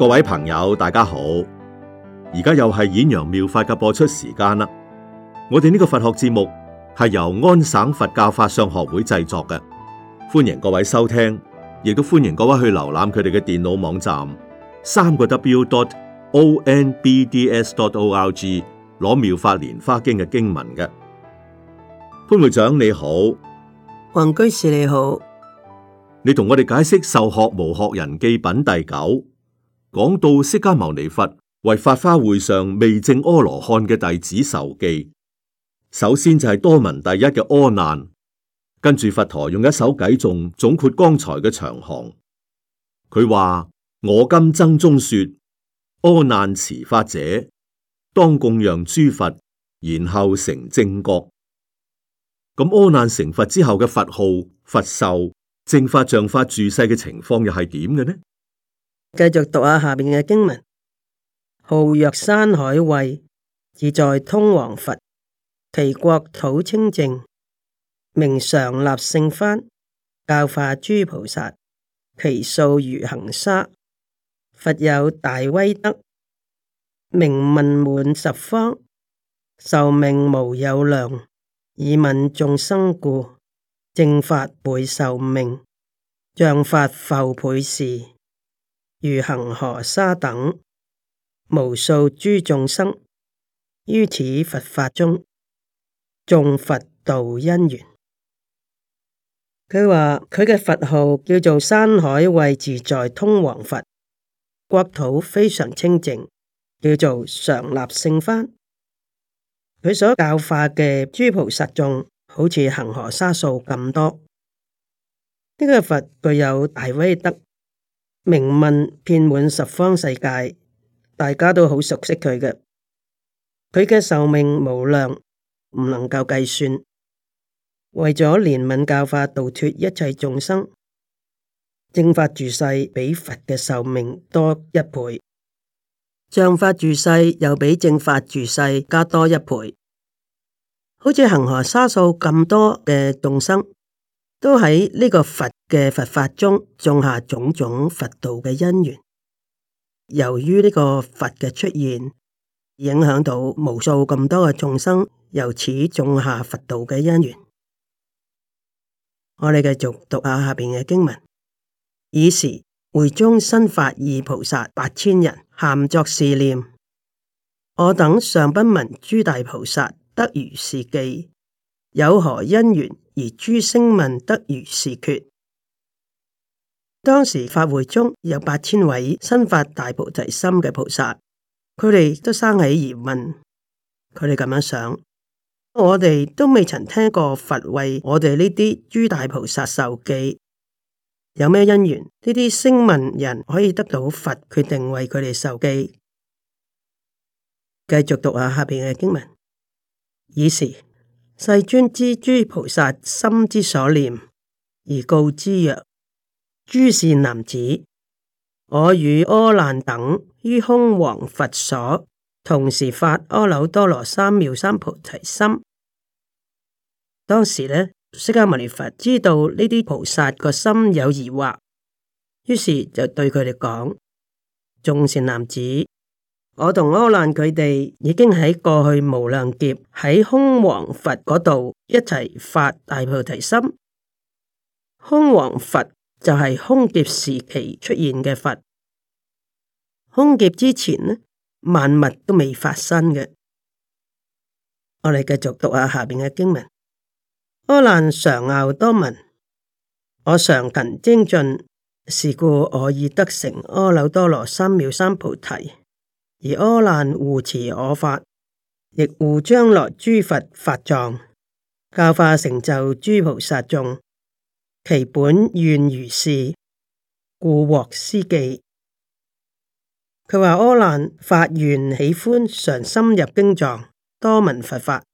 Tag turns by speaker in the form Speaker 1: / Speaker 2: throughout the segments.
Speaker 1: 各位朋友，大家好！而家又係演揚妙法嘅播出時間啦。我哋呢個佛學節目係由安省佛教法相學會製作嘅，歡迎各位收聽，亦都歡迎各位去瀏覽佢哋嘅電腦網站三個 W dot O N B D S dot O L G 攞，妙法蓮花經嘅經文嘅。潘會長你好，黃居士你好，你同我哋解釋授學無學人記品第九。講到釋迦牟尼佛為法花會上未證阿羅漢嘅弟子授記，首先就係多聞第一嘅阿難，跟住佛陀用一首偈頌總括剛才嘅長行。佢話我今僧中說阿難持法者，當供養諸佛，然後成正覺。咁阿難成佛之後嘅佛號、佛壽、正法、像法、住世嘅情況又係點
Speaker 2: 嘅呢？繼續讀下下面嘅經文：號曰山海，慧自在通王佛，其國土清淨，名常立勝幡，教化諸菩薩，其數如恒沙。佛有大威德，名聞滿十方，壽命無有量，以愍眾生故，正法倍壽命，像法復倍是。如恒河沙等無數諸眾生於此佛法中種佛道因緣。佢話佢嘅佛號叫做山海慧自在通王佛，國土非常清淨，叫做常立勝幡。佢所教化嘅諸菩薩眾，好似恒河沙數咁多。呢、這個佛具有大威德。名聞遍滿十方世界，大家都好熟悉佢嘅。佢嘅壽命無量，唔能夠計算。為咗憐憫教化度脫一切眾生，正法住世比佛嘅壽命多一倍，像法住世又比正法住世加多一倍，好似恒河沙數咁多嘅眾生。都喺呢個佛嘅佛法中種下種種佛道嘅因緣。由於呢個佛嘅出現，影響到無數咁多嘅眾生，由此種下佛道嘅因緣。我哋繼續讀下下面嘅經文。爾時，會中新發意菩薩八千人咸作是念：我等尚不聞諸大菩薩得如是記，有何因緣？而諸聲聞得如是決。當時法會中有八千位新發大菩提心嘅菩薩，佢哋都生起疑問，佢哋咁樣想：我哋都未曾聽過佛為我哋呢啲諸大菩薩授記，有咩因緣？呢啲聲聞人可以得到佛決定為佢哋授記？繼續讀下下面嘅經文，爾時。世尊知諸菩薩心之所念，而告之曰：諸善男子，我與阿難等於空王佛所，同時發阿耨多羅三藐三菩提心。當時呢，釋迦牟尼佛知道呢啲菩薩個心有疑惑，於是就對佢哋講：眾善男子。我同阿難佢哋已經喺過去無量劫喺空王佛嗰度一齊發大菩提心。空王佛就係空劫時期出現嘅佛。空劫之前呢，萬物都未發生嘅。我哋繼續讀下下面嘅經文：阿難常樂多聞，我常勤精進，是故我已得成阿耨多羅三藐三菩提。而阿難護持我法，亦護將來諸佛法藏，教化成就諸菩薩眾，其本願如是，故獲斯記。佢話阿難發願喜歡常深入經藏，多聞佛法。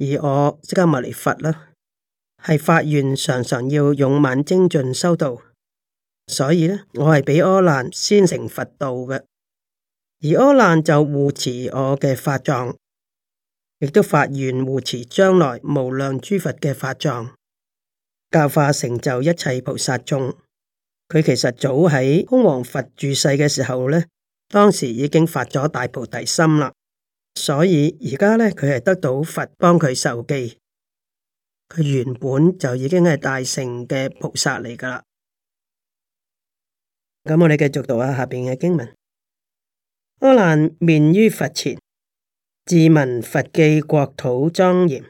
Speaker 2: 而我即刻冇嚟佛啦，係發願常常要勇猛精進修道，所以呢，我係俾阿難先成佛道嘅。而阿難就護持我嘅法藏，亦都發願護持將來無量諸佛嘅法藏，教化成就一切菩薩眾。佢其實早喺空王佛住世嘅時候咧，當時已經發咗大菩提心啦。所以而家咧，佢係得到佛幫佢授記，佢原本就已經係大乘嘅菩薩嚟噶啦。咁我哋繼續讀下下邊嘅經文。阿難面於佛前，自聞佛記國土莊嚴，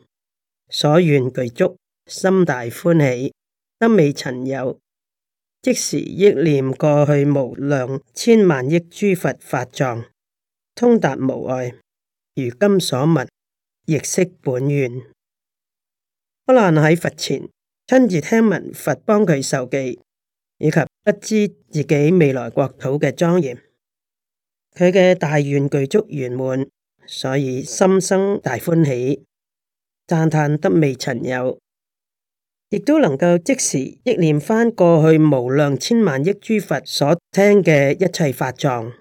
Speaker 2: 所願具足，心大歡喜，得未曾有。即時憶念過去無量千萬億諸佛法，法藏，通達無礙。如今所聞，亦識本願。阿難喺佛前親自聽聞佛幫佢授記，以及不知自己未來國土嘅莊嚴。佢嘅大願具足圓滿，所以心生大歡喜，讚嘆得未曾有，亦都能夠即時憶念翻過去無量千萬億諸佛所聽嘅一切法藏，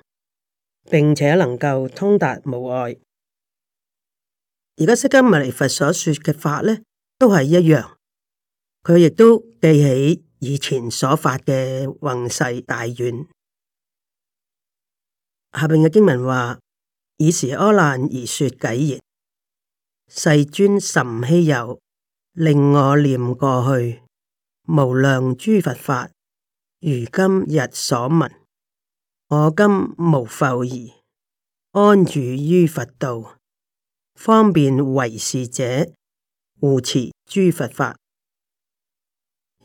Speaker 2: 並且能夠通達無礙。而家釋迦牟尼佛所說嘅法呢，都係一樣，佢亦都記起以前所發嘅宏誓大願。下面嘅經文話：以時阿難而說偈言：世尊甚稀有，令我念過去無量諸佛法。如今日所聞，我今無復疑，安住於佛道，方便為侍者，護持諸佛法。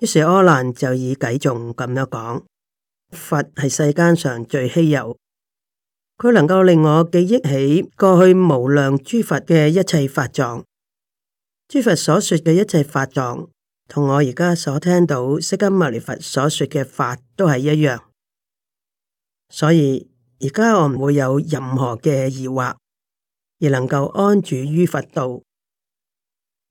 Speaker 2: 於是阿難就以偈頌咁樣講：佛係世間上最稀有。佢能夠令我記憶起過去無量諸佛嘅一切法藏，諸佛所說嘅一切法藏，同我而家所聽到釋迦牟尼佛所說嘅法都係一樣，所以而家我唔會有任何嘅疑惑，而能夠安住於佛道。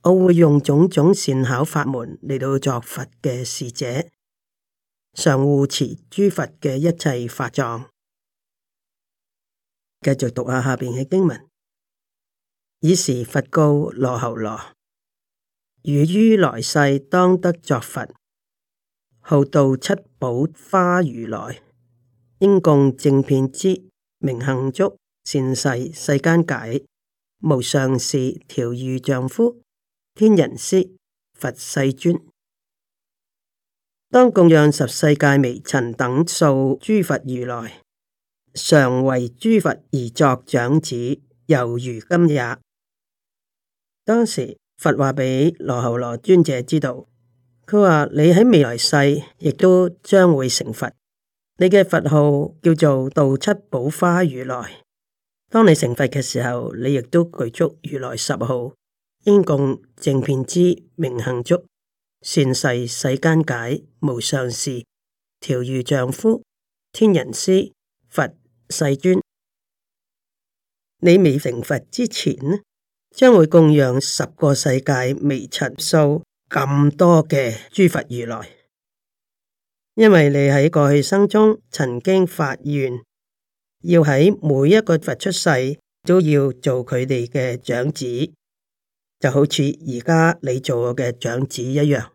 Speaker 2: 我會用種種善巧法門嚟到作佛嘅使者，常護持諸佛嘅一切法藏。繼續讀下下邊嘅經文。以是佛告羅喉羅：如於來世當得作佛，號度七寶花如來，應供正遍知明行足善逝世間解無上士調御丈夫天人師佛世尊，當供養十世界微塵等數諸佛如來。常為諸佛而作長子，猶如今日。當時佛話俾羅喉羅尊者知道，佢話你喺未來世亦都將會成佛，你嘅佛號叫做道七寶花如來。當你成佛嘅時候，你亦都具足如來十號，應供正遍知明行足善逝世間解無上士。調御丈夫天人師佛。世尊，你未成佛之前呢，將會供養十個世界微塵數咁多嘅諸佛如來，因為你喺過去生中曾經發願，要喺每一個佛出世都要做佢哋嘅長子，就好似而家你做我嘅長子一樣。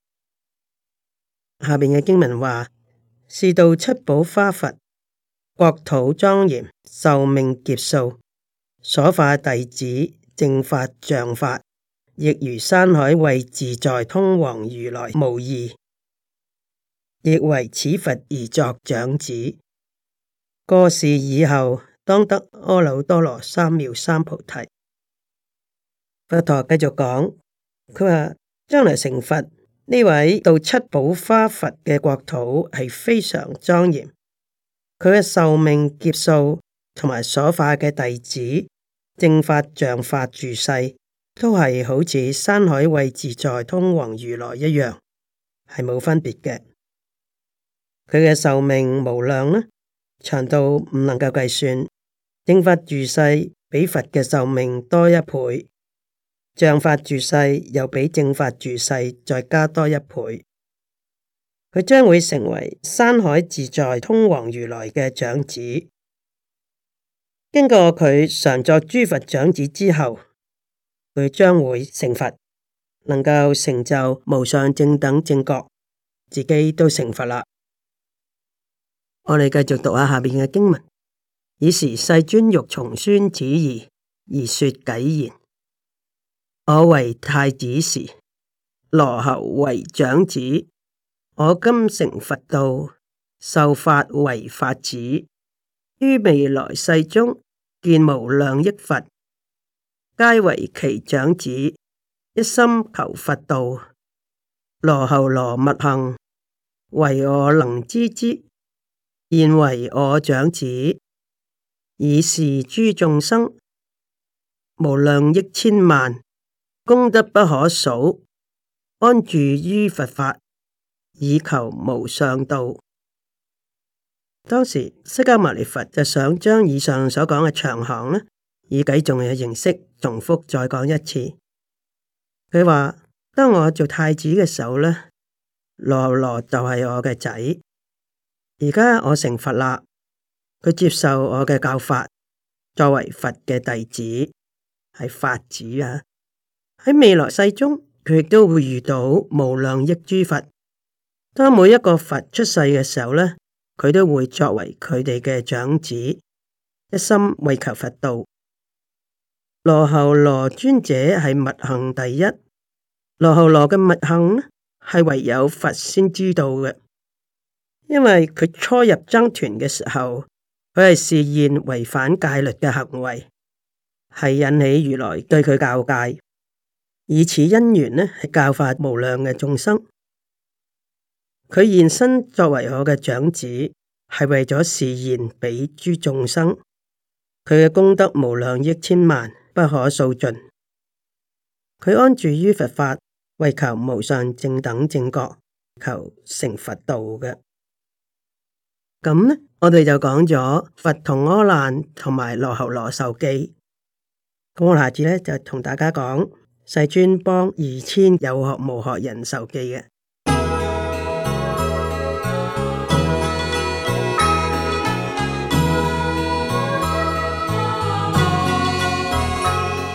Speaker 2: 下面嘅經文話，是蹈七寶華佛。國土莊嚴，壽命劫數，所化弟子，正法、像法，亦如山海慧自在通王如來無異，亦為此佛而作長子。過世以後，當得阿耨多羅三藐三菩提。佛陀繼續講，佢話將來成佛呢位到七寶花佛嘅國土係非常莊嚴。佢嘅壽命劫數同埋所化嘅弟子，正法、像法住世，都係好似山海慧自在通王如來一樣，係冇分別嘅。佢嘅壽命無量啦，長到唔能夠計算。正法住世比佛嘅壽命多一倍，像法住世又比正法住世再加多一倍。佢將會成為山海自在通王如來嘅長子，經過佢常作諸佛長子之後，佢將會成佛，能夠成就無上正等正覺，自己都成佛啦。我哋繼續讀下下面嘅經文，以時世尊欲重宣此義，而而說偈言：我為太子時，羅侯為長子。我今成佛道，受法為法子，於未來世中見無量億佛，皆為其長子，一心求佛道。羅睺羅密行，唯我能知之，現為我長子，以示諸眾生無量億千萬，功德不可數，安住於佛法。以求無上道。當時釋迦牟尼佛就想將以上所講嘅長行呢，以偈頌嘅形式重複再講一次。佢話：當我做太子嘅時候呢，羅羅就係我嘅仔。而家我成佛啦，佢接受我嘅教法，作為佛嘅弟子，係法子啊。喺未來世中，佢亦都會遇到無量億諸佛。當每一個佛出世嘅時候咧，佢都會作為佢哋嘅長子，一心為求佛道。羅侯羅尊者係密行第一。羅侯羅嘅密行呢，係唯有佛先知道嘅，因為佢初入僧團嘅時候，佢係示現違反戒律嘅行為，係引起如來對佢教戒。以此因緣呢，係教化無量嘅眾生。佢現身作為我嘅長子，係為咗示現俾諸眾生。佢嘅功德無量億千萬，不可數盡。佢安住於佛法，為求無上正等正覺，求成佛道嘅。咁咧，我哋就講咗《佛同阿難》同埋《羅睺羅受記》。咁我下次咧就同大家講《世尊幫二千有學無學人受記的》嘅。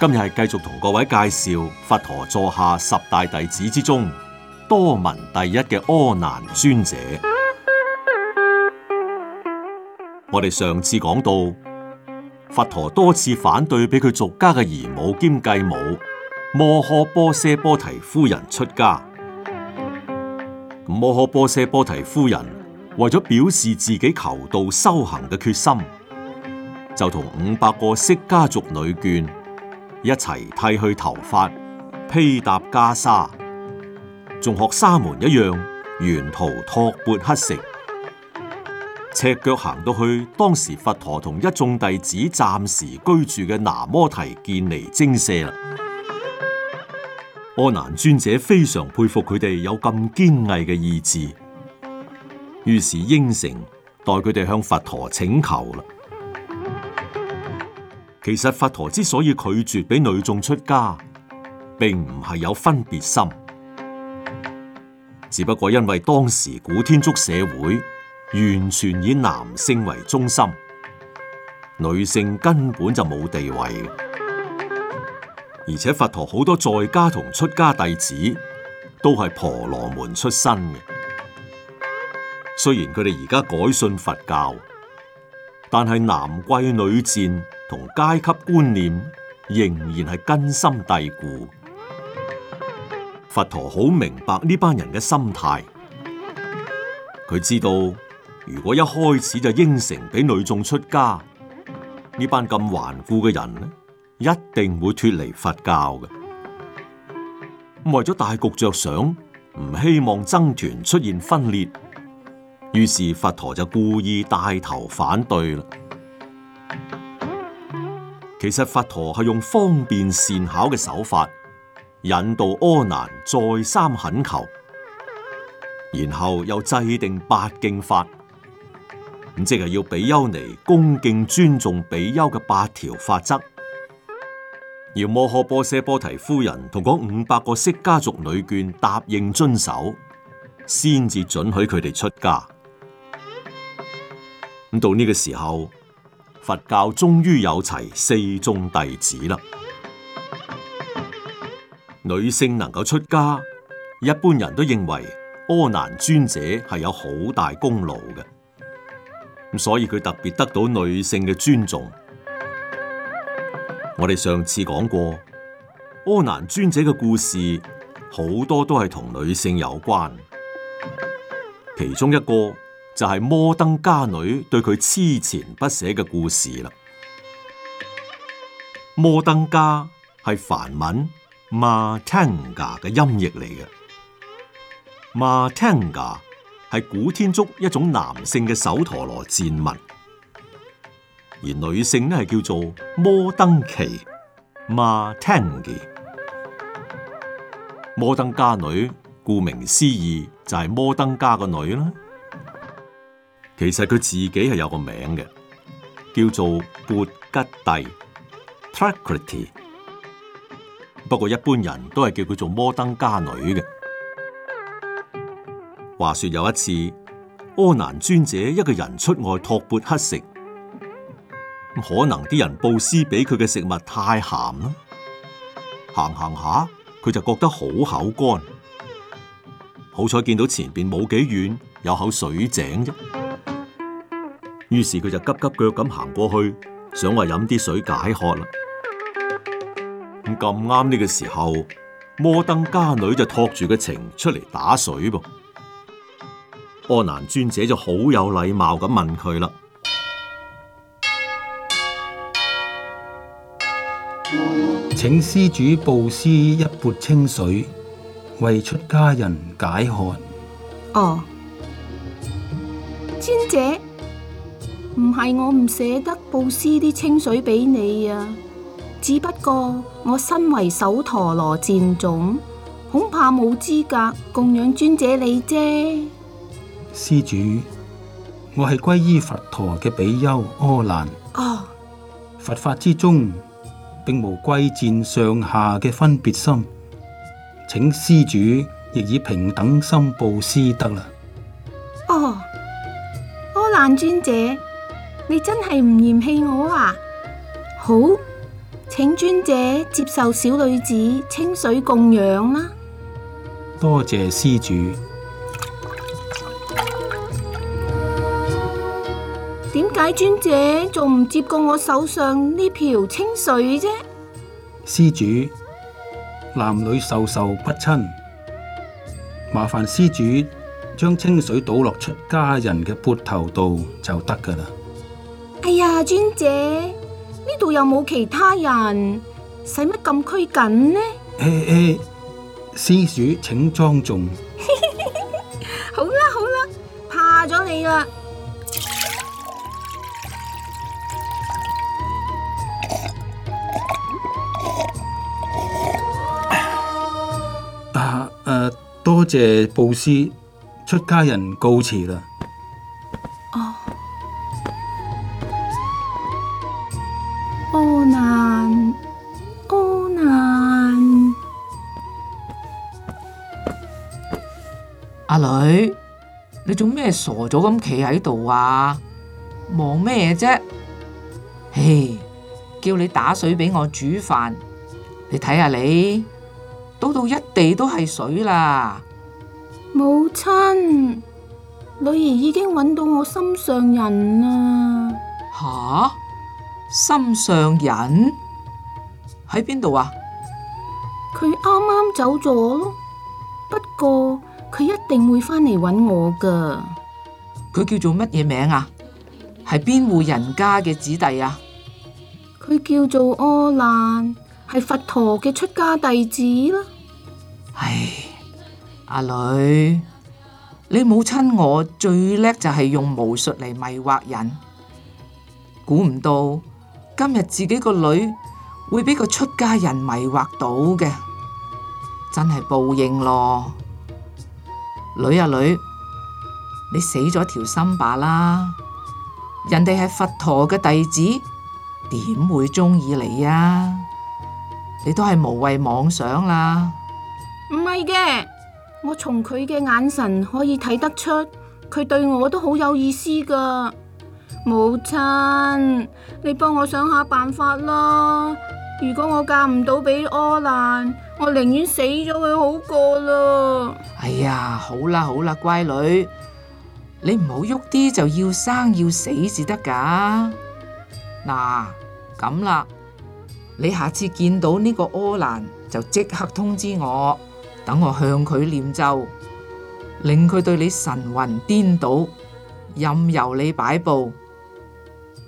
Speaker 1: 今日係繼續同各位介紹佛陀座下十大弟子之中多聞第一嘅阿難尊者。 我哋上次講到，佛陀多次反對俾佢俗家嘅姨母兼繼母摩訶波闍波提夫人出家。摩訶波闍波提夫人為咗表示自己求道修行嘅決心，就同五百個釋迦族女眷。一齊剃去頭髮，披搭袈裟，仲學沙門一樣，沿途托缽乞食，赤腳行到去當時佛陀同一眾弟子暫時居住嘅拿摩提建尼精舍啦。阿難尊者非常佩服佢哋有咁堅毅嘅意志，於是應承代佢哋向佛陀請求啦。其實佛陀之所以拒絕俾女眾出家，並唔係有分別心，只不過因為當時古天竺社會完全以男性為中心，女性根本就冇地位。而且佛陀好多在家同出家弟子都係婆羅門出身嘅，雖然佢哋而家改信佛教，但係男貴女賤，同階級觀念仍然係根深蒂固。佛陀好明白呢班人嘅心態，佢知道如果一開始就應承俾女眾出家，呢班咁頑固嘅人咧，一定會脫離佛教嘅。為咗大局着想，唔希望僧團出現分裂，於是佛陀就故意帶頭反對啦。其實佛陀係用方便善巧嘅手法，引導阿難再三懇求，然後又制定八敬法，咁即係要比丘尼恭敬尊重比丘嘅八條法則，而摩訶波奢波提夫人同嗰五百個釋迦族女眷答應遵守，先至准許佢哋出家。咁到呢個時候。佛教終於有齊四眾弟子啦。女性能夠出家，一般人都認為阿難尊者係有好大功勞嘅，所以佢特別得到女性嘅尊重。我哋上次講過阿難尊者嘅故事，好多都係同女性有關，其中一個。就係摩登伽女對佢痴纏不捨嘅故事啦。摩登伽係梵文 matanga 嘅音譯嚟嘅，matanga 係古天竺一種男性嘅首陀羅戰物，而女性呢係叫做摩登奇 matangi。摩登伽女顧名思義就係、是、摩登伽個女啦。其實佢自己係有個名嘅，叫做缽吉帝 Prakriti，不過一般人都係叫佢做摩登伽女嘅。話說有一次，阿難尊者一個人出外托缽乞食，可能啲人布施俾佢嘅食物太鹹啦，行行下佢就覺得好口乾，好彩見到前邊冇幾遠有口水井啫。於是佢就急急腳咁行過去，想話飲啲水解渴啦。咁咁啱呢個時候，摩登伽女就托住個情出嚟打水噃。阿難尊者就好有禮貌咁問佢啦：請施主布施一缽清水，為出家人解渴。
Speaker 3: 哦，尊者。唔係我唔捨得布施啲清水俾你啊，只不過我身為首陀羅賤種，恐怕冇資格供養尊者你啫。
Speaker 1: 施主，我係皈依佛陀嘅比丘阿難。哦，佛法之中，並無貴賤上下嘅分別心，請施主亦以平等心布施得啦。
Speaker 3: 哦，阿難尊者。你真係唔嫌棄我啊！好，請尊者接受小女子清水供養啦。
Speaker 1: 多謝施主。
Speaker 3: 點解尊者仲唔接過我手上呢瓢清水啫？
Speaker 1: 施主，男女授受不親，麻煩施主將清水倒落出家人嘅缽頭度就得噶啦。
Speaker 3: 哎呀，尊者，呢度又冇其他人，使乜咁拘謹呢？
Speaker 1: 哎哎，施主，請莊重。
Speaker 3: 好啦好啦，怕咗你啦，
Speaker 1: 啊。啊誒，多謝布施，出家人告辭啦。
Speaker 4: 咩傻咗咁企喺度啊？忙咩啫？嘿，叫你打水俾我煮飯，你睇下你倒到，到一地都係水啦！
Speaker 3: 母親，女兒已經揾到我心上人啦！
Speaker 4: 吓？啊，心上人喺邊度啊？
Speaker 3: 佢啱啱走咗咯，不過。一定會翻嚟揾我噶
Speaker 4: 佢叫做乜嘢名啊？係邊戶人家嘅子弟啊？
Speaker 3: 佢叫做阿難，係佛陀嘅出家弟子囉。唉，阿、
Speaker 4: 啊、女，你母親我最叻就係用巫術嚟迷惑人。估唔到今日自己個女會俾個出家人迷惑到嘅，真係報應咯。女啊女，你死咗條心罷啦！人哋係佛陀嘅弟子，點會中意你呀、啊？你都係無謂妄想啦！
Speaker 3: 唔係嘅，我從佢嘅眼神可以睇得出，佢對我都好有意思噶。母親，你幫我想下辦法啦！如果我嫁唔到俾阿難，我寧願死咗佢好過啦！
Speaker 4: 哎呀，好啦好啦，乖女，你唔好喐啲就要生要死至得㗎。嗱、啊，咁啦，你下次見到呢個柯蘭，就即刻通知我，等我向佢念咒，令佢對你神魂顛倒，任由你擺布。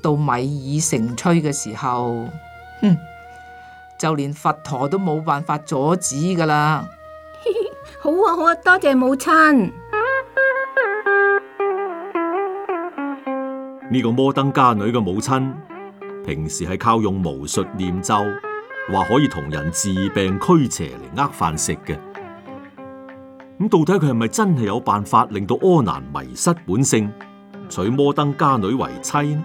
Speaker 4: 到米已成炊嘅時候，哼！就連佛陀都冇辦法阻止噶啦！ 好啊好啊，多謝母親。
Speaker 1: 呢個摩登伽女嘅母親，平時係靠用巫術念咒，話可以同人治病驅邪嚟呃飯食嘅。咁、嗯、到底佢係咪真係有辦法令到阿難迷失本性，娶摩登伽女為妻呢？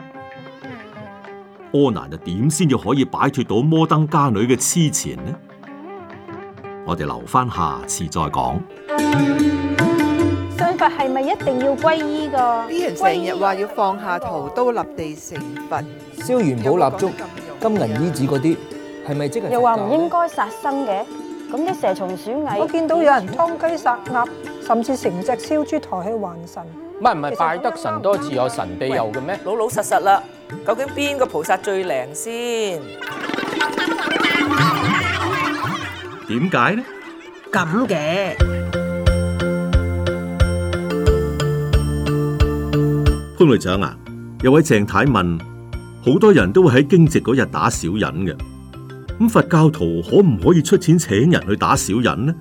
Speaker 1: 阿難就點先至可以擺脫到摩登伽女嘅癡纏呢？ 我哋留翻下，下次再講。
Speaker 4: 信佛係咪一定要皈依噶？啲人成日話要放下屠刀立地成佛，燒元寶蠟燭、金銀衣紙嗰啲，係咪即係？是是又話唔應
Speaker 3: 該殺生嘅，咁啲蛇蟲
Speaker 4: 鼠蟻，我見到有人劏雞殺鴨，甚至成隻燒豬抬去還神。唔係唔係，拜得神多似有神庇佑嘅咩？老老實實啦。究竟邊個菩薩最靈
Speaker 2: 先？
Speaker 1: 點解呢？
Speaker 2: 咁嘅
Speaker 1: 潘隊長啊，有位鄭太問，好多人都會喺驚蟄嗰日打小人嘅。咁佛教徒可唔可以出錢請人去打小人呢？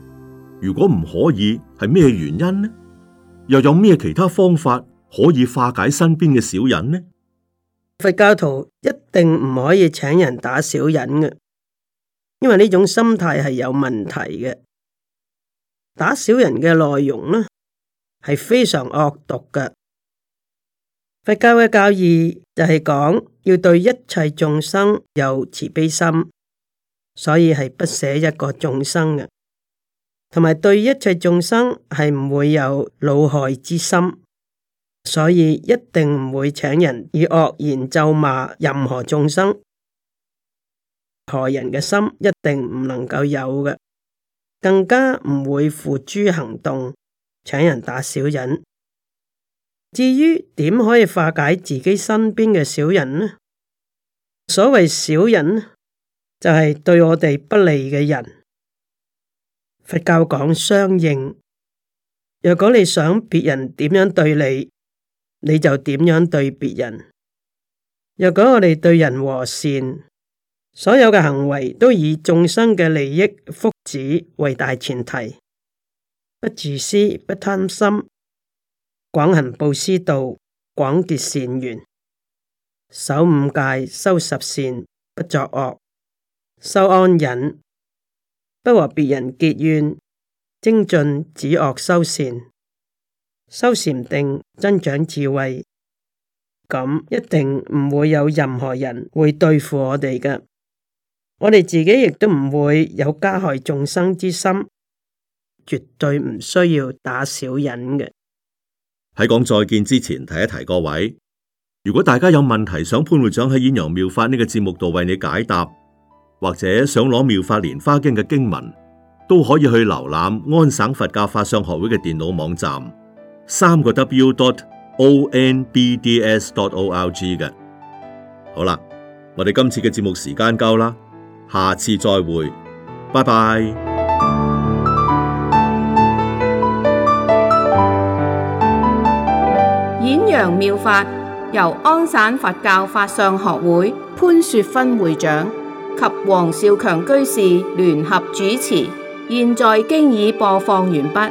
Speaker 1: 如果唔可以，係咩原因呢？又有咩其他方法
Speaker 2: 可以化解身邊嘅小人呢？佛教徒一定唔可以請人打小人嘅，因為呢種心態係有問題嘅。打小人嘅內容呢，係非常惡毒嘅。佛教嘅教義就係講要對一切眾生有慈悲心，所以係不捨一個眾生嘅，同埋對一切眾生係唔會有惱害之心。所以一定唔會請人以惡言咒罵任何眾生，害人嘅心一定唔能夠有嘅，更加唔會付諸行動，請人打小人。至於點可以化解自己身邊嘅小人呢？所謂小人就係，對我哋不利嘅人。佛教講相應，若果你想別人點樣對你。你就點樣對別人？若果我哋對人和善，所有嘅行為都以眾生嘅利益、福祉為大前提，不自私、不貪心，廣行布施道，廣結善緣，守五戒、修十善，不作惡，修安忍，不和別人結怨，精進止惡修善。修禪定，增長智慧，咁一定唔會有任何人會對付我哋嘅。我哋自己亦都唔會有加害眾生之心，絕對唔需要打小人嘅。
Speaker 1: 喺講再見之前，提一提各位，如果大家有問題想潘會長喺《演陽妙法》呢個節目度為你解答，或者想攞《妙法蓮花經》嘅經文，都可以去瀏覽安省佛教法相學會嘅電腦網站。三個 w.dot.o.n.b.d.s.dot.o.r.g 嘅。好啦，我哋今次嘅節目時間夠啦，下次再會，拜拜。
Speaker 3: 演揚妙法由安省佛教法相學會潘雪芬會長及黃少強居士聯合主持，現在經已播放完畢。